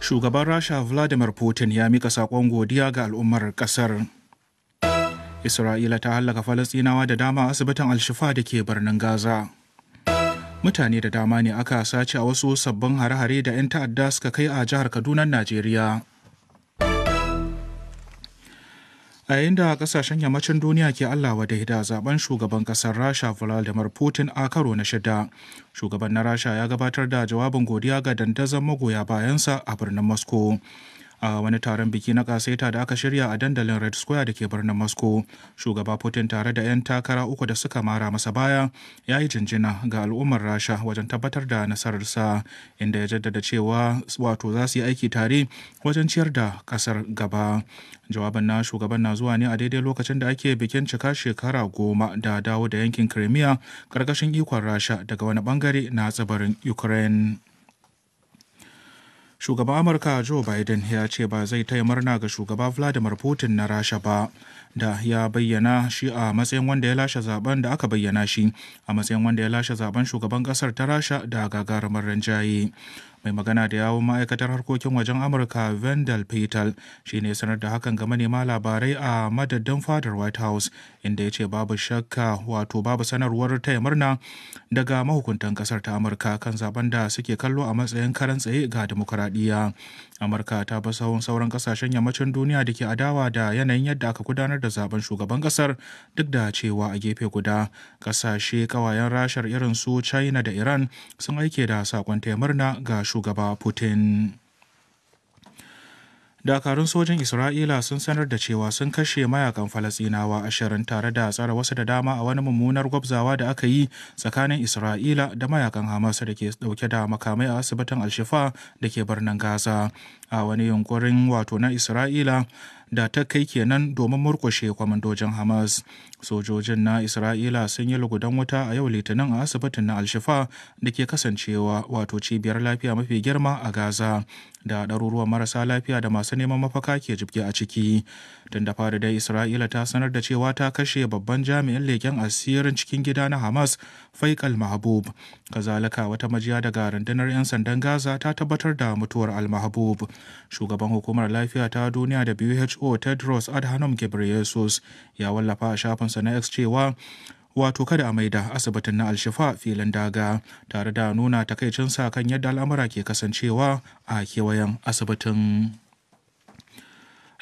shugaban rasha vladimir putin ya mika saƙon godiya ga al'ummar ƙasar isra'ila ta hallaka falastinawa da dama asibitin alshifa da ke birnin gaza mutane da dama ne aka sace a wasu sabbin hare-hare da 'yan ta'adda suka kai a jihar kaduna najeriya a yayin da kasashen yammacin duniya ke Allah wa daida zaben shugaban kasar rasha vladimir putin a karo na shida shugaban na rasha ya gabatar da jawabin godiya ga dandazon magoya bayansa a birnin moscow a wani taron biki na kasaita da aka shirya a dandalin red square da ke birnin moscow shugaba putin tare da 'yan takara uku da suka mara masa baya ya yi jinjina ga al'ummar rasha wajen tabbatar da nasararsa inda ya jaddada cewa wato za su yi aiki tare wajen ciyar da kasar gaba jawabin na shugaban na zuwa ne a daidai lokacin da ake bikin cika shekara goma da dawo da yankin crimea karkashin ikon rasha daga wani bangare na tsibirin ukraine shugaban amurka joe biden ya ce ba zai taya murna ga shugaba vladimir putin na rasha ba da ya bayyana shi a matsayin wanda ya lashe zaben da aka bayyana shi a matsayin wanda ya lashe zaben shugaban kasar ta rasha da gagarumar rinjaye mai magana da yawon ma'aikatar harkokin wajen amurka Vandal petal shi ne sanar da hakan ga manema labarai a madadin fadar white house inda ya ce babu shakka wato babu sanarwar taya murna daga mahukuntan kasar ta amurka kan zaben da suke kallo a matsayin karan tsaye ga demokuraɗiyya amurka ta bi sauran kasashen yammacin duniya da ke adawa da yanayin yadda aka gudanar da zaben shugaban kasar duk da cewa a gefe guda kasashe kawayen rashar irin su china da iran sun aike da sakon taya murna ga shugaba putin dakarun sojin isra'ila sun sanar da cewa sun kashe mayakan falasinawa ashirin tare da tsara wasu da dama a wani mummunar gwabzawa da aka yi tsakanin isra'ila da mayakan hamas da ke dauke da makamai a asibitin alshifa da ke birnin gaza a wani yunkurin wato na isra'ila da ta kai kenan domin murkushe kwamandojin hamas sojojin na isra'ila sun yi lugudan wuta a yau litinin a asibitin na alshifa da ke kasancewa wato cibiyar lafiya mafi girma a gaza da ɗaruruwan marasa lafiya da masu neman mafaka ke jibge a ciki tun da fari dai isra'ila ta sanar da cewa ta kashe babban jami'in leken asirin cikin gida na hamas faikal mahabub kazalika wata majiya daga rundunar 'yan sandan gaza ta tabbatar da mutuwar al mahabub shugaban hukumar lafiya ta duniya da WHO e Tedros Adhanom Ghebreyesus ya wallafa a shafinsa na X cewa wato kada a maida asibitin na alshifa filin daga tare da nuna takaicinsa kan yadda al'amura ke kasancewa a kewayen asibitin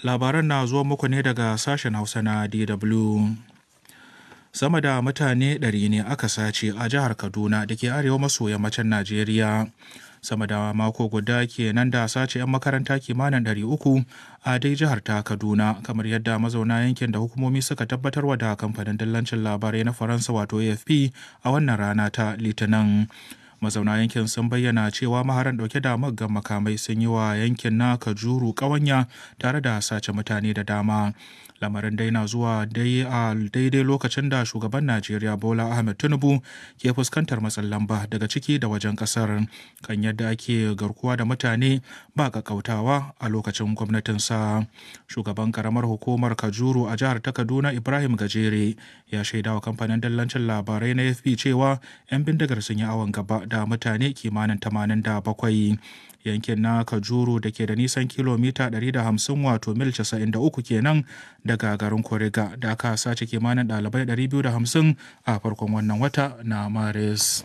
labaran na zuwa muku ne daga sashen hausa na dw sama da mutane ɗari ne aka sace a jihar kaduna da ke arewa maso yammacin najeriya sama da mako guda kenan da sace 'yan makaranta kimanin 300 a dai jihar ta kaduna kamar yadda mazauna yankin da hukumomi suka tabbatarwa da kamfanin dillancin labarai na faransa wato afp a wannan rana ta litinin mazauna yankin sun bayyana cewa maharan dauke da maggan makamai sun yi wa yankin na kajuru kawanya tare da sace mutane da dama lamarin dai na zuwa daidai lokacin da shugaban najeriya bola ahmed tinubu ke fuskantar matsin lamba daga ciki da wajen kasar kan yadda ake garkuwa da mutane ba kakautawa a lokacin gwamnatinsa shugaban karamar hukumar kajuru a jihar ta kaduna ibrahim gajere ya shaidawa kamfanin dallancin labarai na fp cewa 'yan bindigar sun yi awon gaba da mutane kimanin tamanin da bakwai yankin na kajuru da ke da nisan kilomita 150 wato mil 93 kenan daga garin kuriga da aka sace kimanin ɗalibai 250 a farkon wannan wata na maris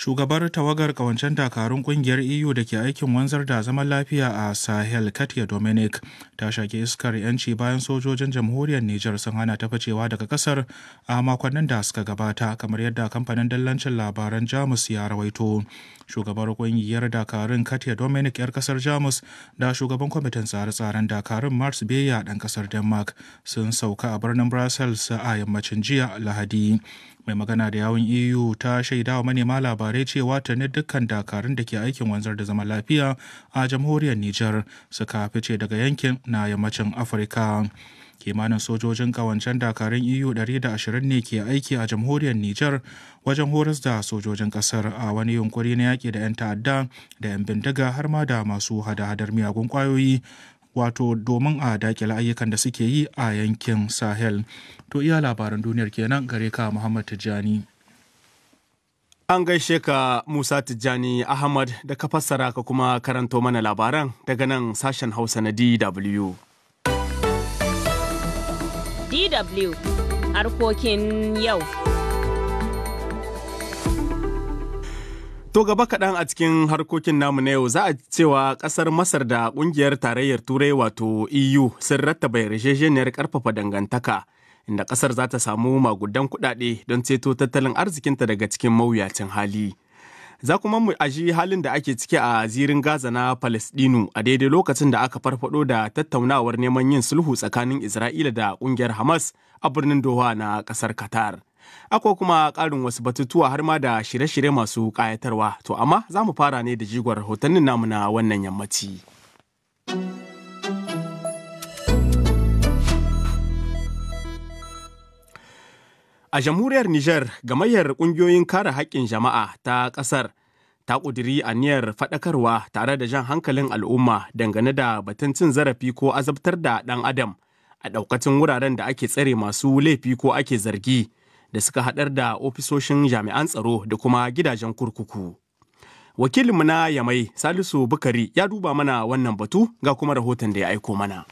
shugabar tawagar kawancen dakarun kungiyar eu da ke aikin wanzar da zaman lafiya a sahel katia dominic ta shaki iskar yanci bayan sojojin jamhuriyar niger sun hana ta ficewa daga kasar a makonnin da suka gabata kamar yadda kamfanin dallancin labaran jamus ya rawaito shugabar kungiyar dakarun katia dominic yar kasar jamus da shugaban kwamitin tsare-tsaren dakarun mars beya dan kasar denmark sun sauka a birnin brussels a yammacin jiya lahadi mai magana da yawun eu ta shaida wa manema labarai cewa tuni dukkan dakarun da ke aikin wanzar da zaman lafiya a jamhuriyar niger suka fice daga yankin na yammacin afirka kimanin sojojin kawancen dakarun eu 120 ne ke aiki a jamhuriyar niger wajen horas da sojojin kasar a wani yunkuri na yaƙi da 'yan ta'adda da 'yan bindiga har ma da masu hada-hadar miyagun kwayoyi wato domin a dakile ayyukan da suke yi a yankin sahel to iya labaran duniyar kenan gare ka muhammad tijjani An gaishe ka Musa Tijjani Ahmad da ka fassara ka kuma karanto mana labaran daga nan sashen Hausa na DW. DW harkokin yau. To gaba kaɗan a cikin harkokin namu na yau za a cewa ƙasar Masar da ƙungiyar tarayyar Turai wato EU sun rattaba yarjejeniyar ƙarfafa dangantaka inda ƙasar za ta samu magudan kuɗaɗe don ceto tattalin arzikinta daga cikin mawuyacin hali. Za kuma mu aji halin da ake ciki a zirin Gaza na Palestinu a daidai lokacin da aka farfaɗo da tattaunawar neman yin sulhu tsakanin Isra'ila da ƙungiyar Hamas a birnin Doha na ƙasar Qatar. akwai kuma ƙarin wasu batutuwa har ma da shirye-shirye masu ƙayatarwa to amma za mu fara ne da jigon rahotannin namu na wannan yammaci. A jamhuriyar Nijar, gamayyar ƙungiyoyin kare haƙƙin jama'a ta ƙasar ta ƙudiri a aniyar faɗakarwa tare da jan hankalin al'umma dangane da batun cin zarafi ko azabtar da ɗan adam a ɗaukacin wuraren da ake tsare masu laifi ko ake zargi da suka haɗar da ofisoshin jami'an tsaro da kuma gidajen kurkuku. Wakilinmu na Yamai Salisu Bukari ya duba mana wannan batu ga kuma rahoton da ya aiko mana.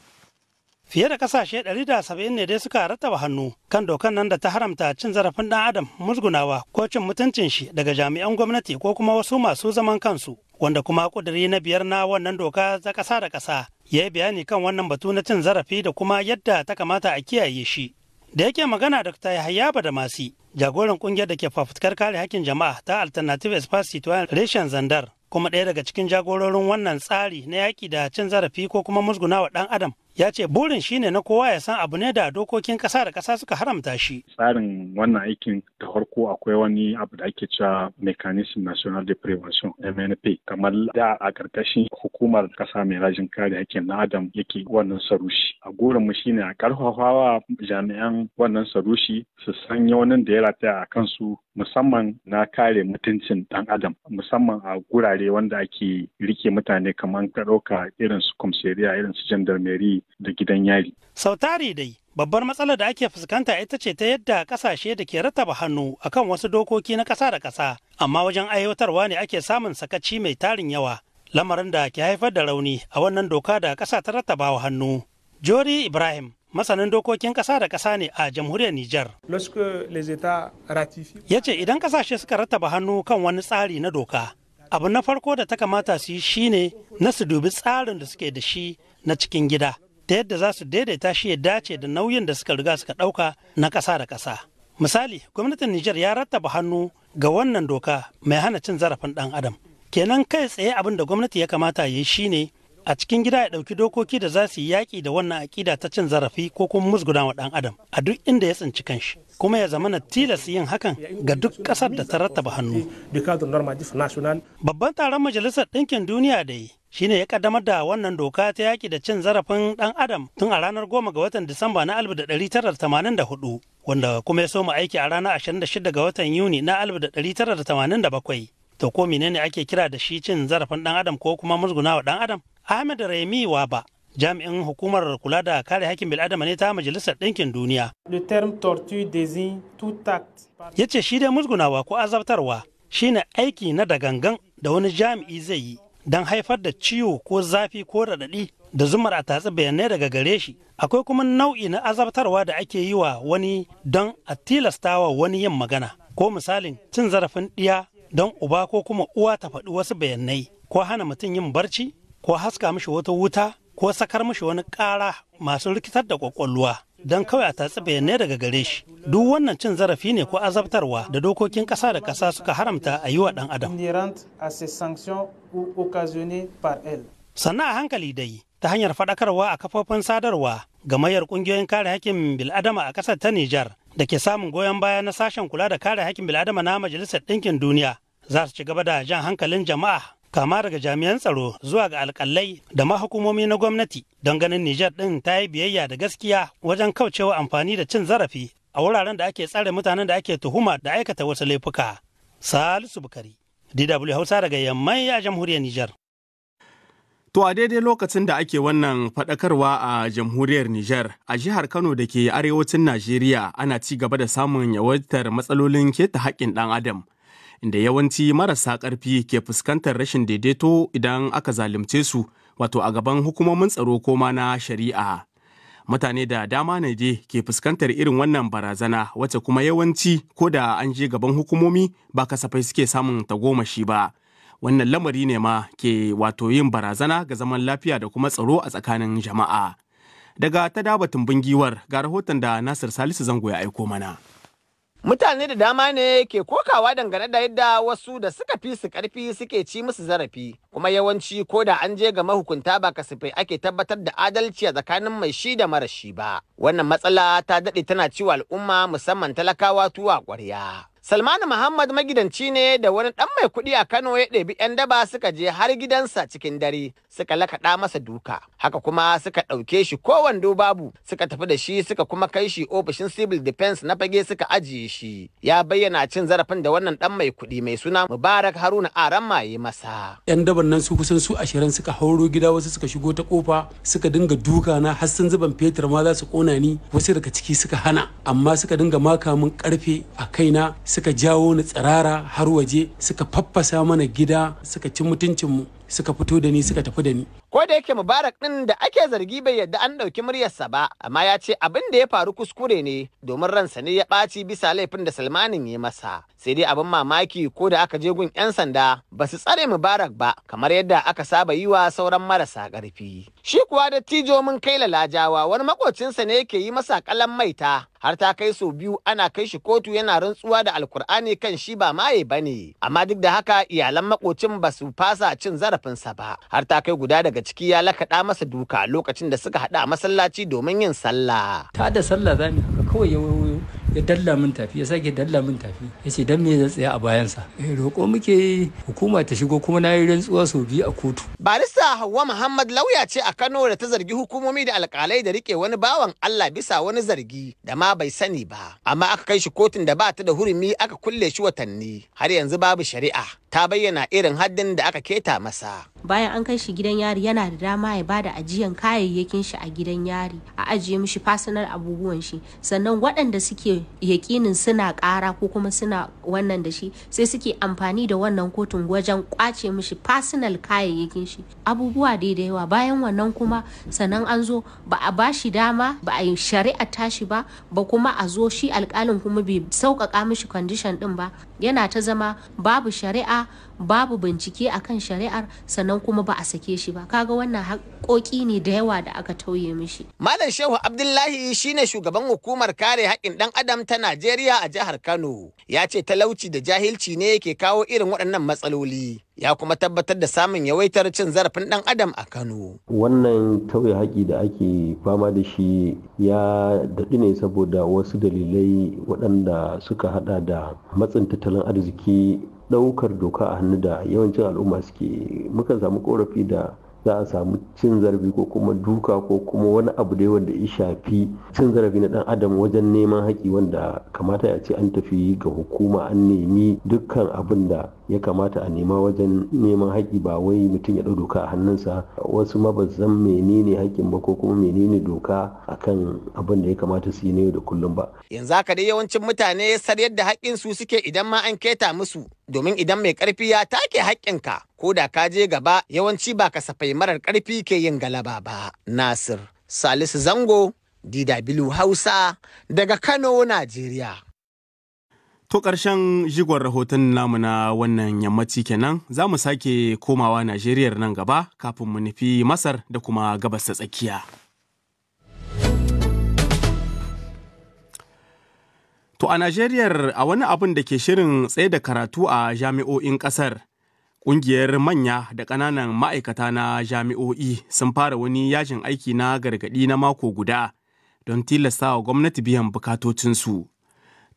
Fiye da kasashe 170 ne dai suka rattaba hannu kan dokan nan da ta haramta cin zarafin ɗan adam musgunawa ko cin mutuncin shi daga jami'an gwamnati ko kuma wasu masu zaman kansu wanda kuma kuduri na biyar na wannan doka ta ƙasa da ƙasa ya yi bayani kan wannan batu na cin zarafi da kuma yadda ta kamata a kiyaye shi. da yake magana da dr yahaya badamasi jagoran kungiyar da ke fafutukar kare hakkin jama'a ta alternative espace citoyen reshen zandar kuma ɗaya daga cikin jagororin wannan tsari na yaƙi da cin zarafi ko kuma musguna wa ɗan adam ya ce burin shine na kowa ya san abu ne da dokokin kasa da kasa suka haramta shi. Tsarin wannan aikin da farko akwai wani abu da ake cewa Mechanism National de Prevention MNP kamar da a karkashin hukumar kasa mai rajin kare hakkin na Adam yake wannan sarushi. A gurin mu shine a karfafawa jami'an wannan sarushi su san yawanin da ya rataya a kansu musamman na kare mutuncin dan adam musamman a gurare wanda ake rike mutane kamar ka ɗauka irin su komisariya irin su jandarmeri da gidan yari. Sautari dai babbar matsalar da ake fuskanta ita ce ta yadda kasashe da ke rattaba hannu akan wasu dokoki na ƙasa da ƙasa amma wajen aiwatarwa ne ake samun sakaci mai tarin yawa lamarin da ke haifar da rauni a wannan doka da ƙasa ta rattaba wa hannu. Jori Ibrahim masanin dokokin ƙasa da ƙasa ne a jamhuriyar Nijar. Ya ce idan ƙasashe suka rattaba hannu kan wani tsari na doka, abu na farko da ta kamata su yi shi ne na su dubi tsarin da suke da shi na cikin gida. ta yadda za su daidaita shi ya dace da nauyin da suka riga suka ɗauka na ƙasa da ƙasa. Misali, gwamnatin Nijar ya rattaba hannu ga wannan doka mai hana cin zarafin ɗan adam. Kenan kai tsaye abin da gwamnati ya kamata ya yi shi ne a cikin gida ya ɗauki dokoki da za su yi yaƙi da wannan aƙida ta cin zarafi ko kuma musguna wa ɗan adam a duk inda ya tsinci kanshi kuma ya zama na tilas yin hakan ga duk ƙasar da ta rattaba hannu. Babban taron Majalisar Ɗinkin Duniya da yi shine ya kaddamar da wannan doka ta yaƙi da cin zarafin ɗan adam tun a ranar goma ga watan Disamba na 1984 wanda kuma ya soma aiki a ranar 26 ga watan Yuni na 1987. To ko menene ake kira da shi cin zarafin ɗan adam ko kuma musgunawa ɗan adam? Ahmed Remi Waba jami'in hukumar kula da kare hakkin bil'adama ne ta majalisar ɗinkin duniya. Ya ce shi dai musgunawa ko azabtarwa shine aiki na da gangan da wani jami'i zai yi don haifar da ciwo ko zafi ko raɗaɗi da zumar a tatsi bayanai daga gare shi akwai kuma nau'i na azabtarwa da ake yi wa wani don a tilastawa wani yin magana ko misalin cin zarafin ɗiya don uba ko kuma uwa ta faɗi wasu bayanai ko hana mutum yin barci ko haska mishi wata wuta ko sakar mishi wani ƙara masu rikitar da ƙwaƙwalwa don kawai a tatsi bayanai daga gare shi duk wannan cin zarafi ne ko azabtarwa da dokokin ƙasa da ƙasa suka haramta a yi wa ɗan adam occasionnée par elle. Sannan a hankali dai ta hanyar faɗakarwa a kafofin sadarwa ga mayar ƙungiyoyin kare haƙƙin bil'adama a ƙasar ta Nijar da ke samun goyon baya na sashen kula da kare haƙƙin bil'adama na Majalisar Ɗinkin Duniya za su ci gaba da jan hankalin jama'a kama daga jami'an tsaro zuwa ga alƙalai da mahukumomi na gwamnati don ganin Nijar ɗin ta yi biyayya da gaskiya wajen kaucewa amfani da cin zarafi a wuraren da ake tsare mutanen da ake tuhuma da aikata wasu laifuka. Salisu Bukari, DW Hausa daga yamman a jamhuriyar Nijar. To a daidai lokacin da ake wannan faɗakarwa a jamhuriyar Nijar, a jihar Kano da ke arewacin Najeriya ana ci gaba da samun yawaitar matsalolin keta haƙƙin ɗan adam. Inda yawanci marasa ƙarfi ke fuskantar rashin daidaito idan aka zalunce su, wato a gaban hukumomin tsaro ko ma na shari'a. mutane da dama ne dai ke fuskantar irin wannan barazana wacce kuma yawanci ko da an je gaban hukumomi ba kasafai suke samun tagomashi ba wannan lamari ne ma ke wato yin barazana ga zaman lafiya da kuma tsaro a tsakanin jama'a daga ta dabatun bungiwar giwar ga rahoton da nasir salisu zango ya aiko mana Mutane da dama ne ke kokawa dangane da yadda wasu da suka fi su karfi suke ci musu zarafi, kuma yawanci ko da an je ga mahukunta ba kasafai ake tabbatar da adalci a tsakanin mai shi da mara shi ba. Wannan matsala ta daɗe tana ciwa al'umma musamman talakawa tuwa ƙwarya. Salmanu Muhammad magidanci ne da wani ɗan mai kuɗi a Kano ya ɗebi 'yan daba suka je har gidansa cikin dare suka lakaɗa masa duka. Haka kuma suka ɗauke shi ko wando babu suka tafi da shi suka kuma kai shi ofishin civil defense na fage suka ajiye shi. Ya bayyana cin zarafin da wannan ɗan mai kuɗi mai suna Mubarak Haruna Aran maye masa. 'Yan daban nan su kusan su ashirin suka hauro gida wasu suka shigo ta kofa suka dinga duka na har sun zuban fetur ma za su ƙona ni wasu daga ciki suka hana amma suka dinga maka min ƙarfe a kaina suka jawo ni tsirara har waje suka faffasa mana gida suka ci mutuncinmu suka fito da ni suka tafi da ni. Ko da yake Mubarak ɗin da ake zargi bai yadda an ɗauki muryarsa ba, amma ya ce abin da ya faru kuskure ne domin ransa ne ya ɓaci bisa laifin da Salmanin ya masa. Sai dai abin mamaki ko da aka je gun 'yan sanda ba su tsare Mubarak ba kamar yadda aka saba yi wa sauran marasa ƙarfi. Shi kuwa da tijo mun kai lalajawa wani makocinsa ne yake yi masa kalan maita har ta kai sau biyu ana kai shi kotu yana rantsuwa da alkur'ani kan shi ba maye ba ne, amma duk da haka iyalan makocin ba su fasa cin zarafi zarafinsa ba har ta kai guda daga ciki ya lakaɗa masa duka lokacin da suka haɗu a masallaci domin yin sallah ta da sallah zamu haka kawai ya dalla min tafi ya sake dalla min tafi ya ce dan me zan tsaya a bayansa eh roƙo muke hukuma ta shigo kuma nayi yi rantsuwa sau biyu a kotu barista Hauwa Muhammad lauya ce a Kano da ta zargi hukumomi da alƙalai da rike wani bawan Allah bisa wani zargi da ma bai sani ba amma aka kai shi kotun da ba ta da hurumi aka kulle shi watanni har yanzu babu shari'a ta bayyana irin haddin da aka keta masa bayan an kai shi gidan yari yana da dama ya bada ajiyan kayayyakin shi a gidan yari a ajiye mishi fasinar abubuwan shi sannan waɗanda suke yakinin suna ƙara ko kuma suna wannan da shi sai suke amfani da wannan kotun wajen ƙwace mishi fasinal kayayyakin shi abubuwa dai da yawa bayan wannan kuma sannan an zo ba a bashi dama ba a yi shari'a tashi ba ba kuma a zo shi alƙalin kuma bai sauƙaƙa mishi kwandishan ɗin ba yana ta zama babu shari'a babu bincike akan shari'ar sannan sannan kuma ba a sake shi ba kaga wannan haƙoƙi ne da yawa da aka tauye mishi malam shehu abdullahi shine shugaban hukumar kare haƙƙin ɗan adam ta najeriya a jihar kano ya ce talauci da jahilci ne yake kawo irin waɗannan matsaloli ya kuma tabbatar da samun yawaitar cin zarafin ɗan adam a kano wannan tauye haƙƙi da ake fama da shi ya daɗi ne saboda wasu dalilai waɗanda suka haɗa da matsin tattalin arziki daukar doka a hannu da yawancin al'umma suke mukan samu korafi da za a samu cin zarafi ko kuma duka ko kuma wani abu da wanda ya shafi cin zarafi na dan adam wajen neman haƙi wanda kamata ya ce an tafi ga hukuma an nemi dukkan abin da ya kamata a nema wajen neman haƙi ba wai mutum ya ɗau doka a hannunsa wasu ma ba zan menene haƙin ba ko kuma menene doka akan abin da ya kamata su yi na yau da kullum ba yanzu haka dai yawancin mutane sar yadda hakkin su suke idan ma an keta musu domin idan mai ƙarfi ya take haƙƙinka ko da ka je gaba yawanci ba kasafai marar ƙarfi ke yin galaba ba. Nasir Salisu Zango DW Hausa daga Kano, Najeriya. To ƙarshen jigon rahoton namu na wannan yammaci kenan za mu sake komawa Najeriya nan gaba kafin mu nufi Masar da kuma gabas ta tsakiya. To a Najeriyar a wani abin da ke shirin tsaye da karatu a jami'o'in ƙasar, ƙungiyar manya da ƙananan ma'aikata na jami'o'i sun fara wani yajin aiki na gargaɗi na mako guda don tilastawa gwamnati biyan bukatocinsu.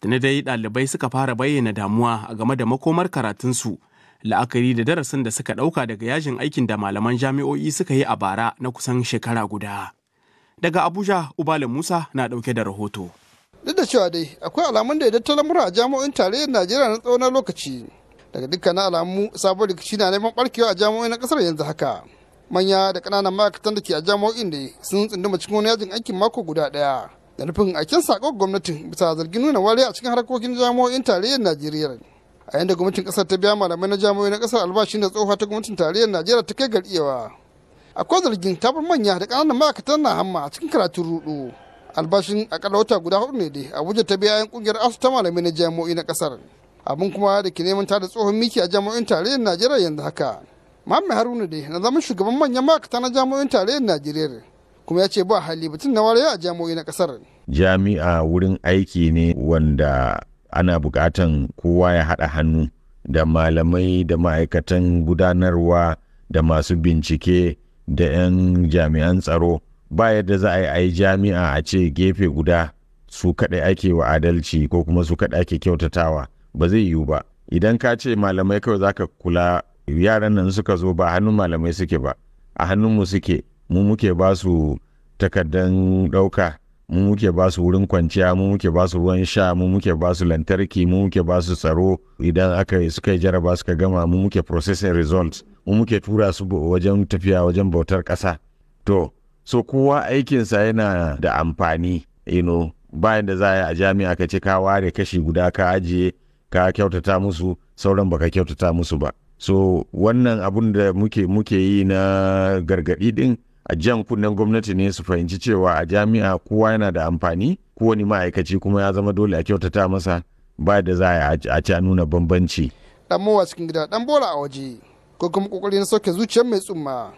na dai ɗalibai suka fara bayyana damuwa a game da makomar karatunsu, la'akari da darasin da suka ɗauka daga yajin aikin da malaman jami'o'i suka yi a bara na kusan shekara guda. Daga Abuja, Ubala Musa na ɗauke da rahoto. duk da cewa dai akwai alamun da ta lamura a jami'o'in tarayyar najeriya na tsawon lokaci daga dukkanin alamu sabon rikici na neman barkewa a jami'o'in na kasar yanzu haka manya da ƙananan ma'aikatan da ke a jami'o'in da sun tsunduma cikin wani yajin aikin mako guda ɗaya da nufin aikin sako gwamnatin bisa zargin nuna wariya a cikin harkokin jami'o'in tarayyar najeriya a yanda gwamnatin kasar ta biya malamai na jami'o'i na kasar albashin da tsohuwa ta gwamnatin tarayyar najeriya ta kai garɗewa akwai zargin tabar manya da kananan ma'aikatan na hamma a cikin karatun rudu albashin akalla wata guda hudu ne dai abuja ta biya yan kungiyar asu ta malami na jami'o'i na kasar abin kuma da ke neman tada tsohon miki a jami'o'in tarayyar najeriya yanzu haka mahammed haruna dai na zama shugaban manyan ma'aikata na jami'o'in tarayyar najeriya kuma ya ce ba hali batun na wariya a jami'o'i na kasar jami'a wurin aiki ne wanda ana bukatan kowa ya haɗa hannu da malamai da ma'aikatan gudanarwa da masu bincike da 'yan jami'an tsaro ba yadda za a yi jami'a a ce gefe guda su kaɗai ake wa adalci ko kuma su kaɗai ake kyautatawa ba zai yiwu ba idan ka ce malamai kawai za ka kula yaran nan suka zo ba hannun malamai suke ba a hannunmu suke mu muke ba su takardan ɗauka mu muke ba su wurin kwanciya mu muke ba su ruwan sha mu muke ba su lantarki mu muke ba su tsaro idan aka suka yi jaraba suka gama mu muke processing results mu muke tura su wajen tafiya wajen bautar ƙasa to so kowa aikinsa yana da amfani you know bayan da za a yi a jami'a ka ce ka ware kashi guda ka ajiye ka kyautata musu sauran baka kyautata musu ba so wannan abun da muke muke yi na gargaɗi din a jan kunnen gwamnati ne su fahimci cewa a jami'a kowa yana da amfani kowane ma'aikaci kuma ya zama dole a kyautata masa ba da za a a ci a nuna bambanci dan mowa cikin gida dan bola a waje ko kuma kokarin sauke zuciyar mai tsumma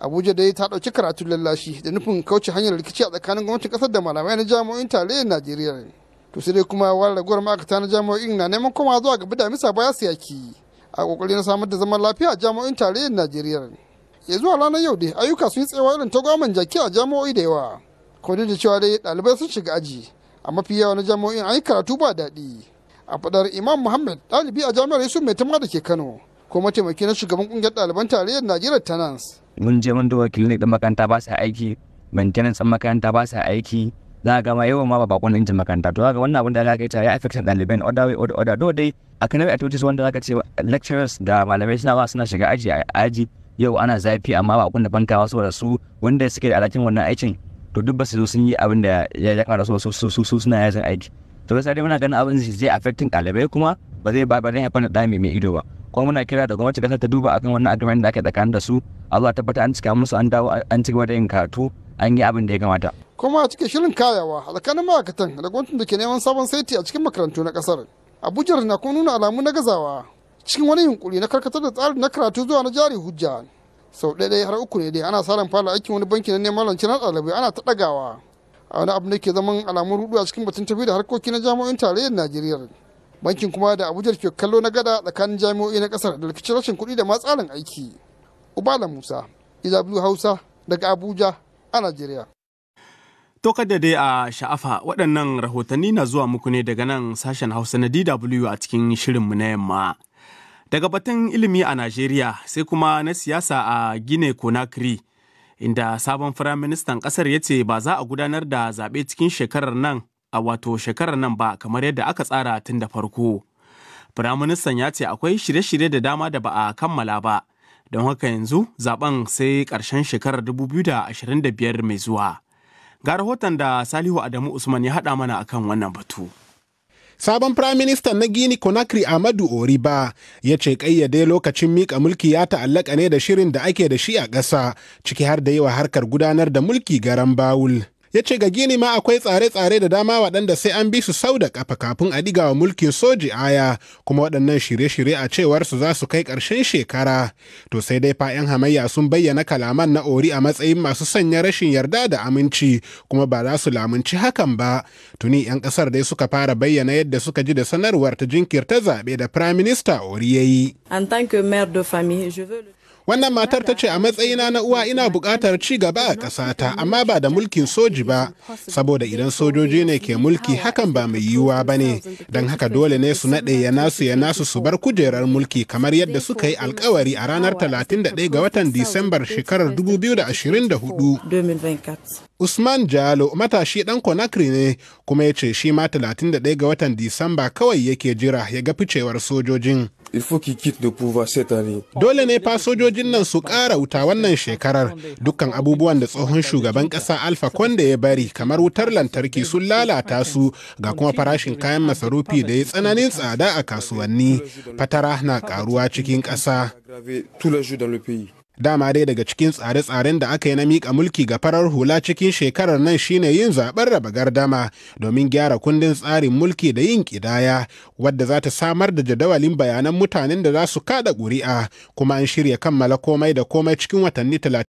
abuja dai ta ɗauki karatun lallashi da nufin kauce hanyar rikici a tsakanin gwamnatin ƙasar da malamai na jami'o'in tarayyar najeriya to sai dai kuma wani ragowar ma'aikata na jami'o'in na neman komawa zuwa gaba da misa baya yaki a kokari na samar da zaman lafiya a jami'o'in tarayyar najeriya ya zuwa ranar yau dai ayyuka sun yi tsayawa irin ta gwaman jaki a jami'o'i da yawa ko da cewa dai ɗalibai sun shiga aji a mafi yawa na jami'o'in an yi karatu ba daɗi a faɗar imam muhammad ɗalibi a jami'ar yusuf mai tama da ke kano ko mataimaki na shugaban kungiyar ɗaliban tarayyar najeriya tenants mun je mun duba clinic ɗin makaranta ba sa aiki maintenance ɗin makaranta ba sa aiki za ga ma yawan ma ba bakon injin makaranta to ga wannan abin da yi ta ya affect ɗaliban order way order do dai academic activities wanda zaka ce lecturers da malamai suna ba suna shiga aji a aji yau ana zafi amma ba kun da bankawa da su wanda suke da alhakin wannan aikin to duk ba su zo sun yi abin da ya kamata su su su suna yajin aiki to sai dai muna ganin abin zai affecting ɗalibai kuma ba zai ba ba zai haifar da ɗa mai ido ba kuma muna kira da gwamnati kasar ta duba akan wannan agreement da aka tsakanin da su Allah tabbata an cika musu an dawo an ci gaba da yin karatu an yi abin da ya kamata kuma a cikin shirin kayawa alƙalin ma'aikatan da gwamnatin da ke neman sabon saiti a cikin makarantu na kasar Abuja na kuma nuna alamu na gazawa cikin wani yunkuri na karkatar da tsarin na karatu zuwa na jari hujja sau ɗaya har uku ne dai ana saran fara aikin wani banki na neman rance na ɗalibai ana ta ɗagawa a wani abu da ke zaman alamun rudu a cikin batun tafi da harkoki na jami'o'in tarayyar najeriya bankin kuma da abuja ke kallo na gada tsakanin jami'o'i na kasar da rikicin rashin kuɗi da ma aiki ubala musa izabilu hausa daga abuja a najeriya To da dai a sha'afa waɗannan rahotanni na zuwa muku ne daga nan sashen Hausa na DW a cikin shirinmu na yamma. Daga batun ilimi a Najeriya sai kuma na siyasa a Gine Conakry inda sabon firaministan ƙasar ya ce ba za a gudanar da zaɓe cikin shekarar nan a wato shekarar nan ba kamar yadda aka tsara tun da farko. Firaministan ya ce akwai shirye-shirye da dama da ba a kammala ba, don haka yanzu zaben sai ƙarshen shekarar 2025 mai zuwa. Ga rahoton da Salihu Adamu Usman ya haɗa mana akan wannan batu. sabon firaministan na gini conakry amadu oriba ya ce kayyade lokacin mika mulki ya ta'allaka ne da shirin da ake da shi a ƙasa ciki har da yawa harkar gudanar da mulki garan bawul ya ce ga gini ma akwai tsare-tsare da dama waɗanda sai an bi su sau da ƙafa kafin a diga wa mulkin soji aya kuma waɗannan shirye-shirye a cewar su za su kai ƙarshen shekara to sai dai fa hamayya sun bayyana kalaman na ori a matsayin masu sanya rashin yarda da aminci kuma ba za su lamunci hakan ba tuni 'yan ƙasar dai suka fara bayyana yadda suka ji da sanarwar ta jinkirta zaɓe da firaminista ori ya yi Wannan matar ta ce a matsayina na uwa ina bukatar ci gaba a ƙasata amma ba da mulkin soji ba saboda idan sojoji ne ke mulki hakan ba mai yiwuwa ba ne don haka dole ne su naɗe ya nasu ya nasu su bar kujerar mulki kamar yadda suka yi alkawari a ranar 31 ga watan Disambar shekarar 2024. Usman Jalo matashi ɗan Conakry ne kuma ya ce shi ma 31 ga watan Disamba kawai yake jira ya ga ficewar sojojin. il faut qu'il quitte le pouvoir cette année. Dole ne fasojojin nan su ƙara wuta wannan shekarar dukkan abubuwan da tsohon shugaban ƙasa Alpha Conde ya bari kamar wutar lantarki sun lalata su ga kuma farashin kayan masarufi da ya tsananin tsada a kasuwanni fatara na ƙaruwa cikin ƙasa. dama dai daga cikin tsare-tsaren da aka yi na mika mulki ga farar hula cikin shekarar nan shine yin zaɓen raba gardama domin gyara kundin tsarin mulki da yin ƙidaya wadda za ta samar da jadawalin bayanan mutanen da za su kaɗa ƙuri'a kuma an shirya kammala komai da komai cikin watanni talatin.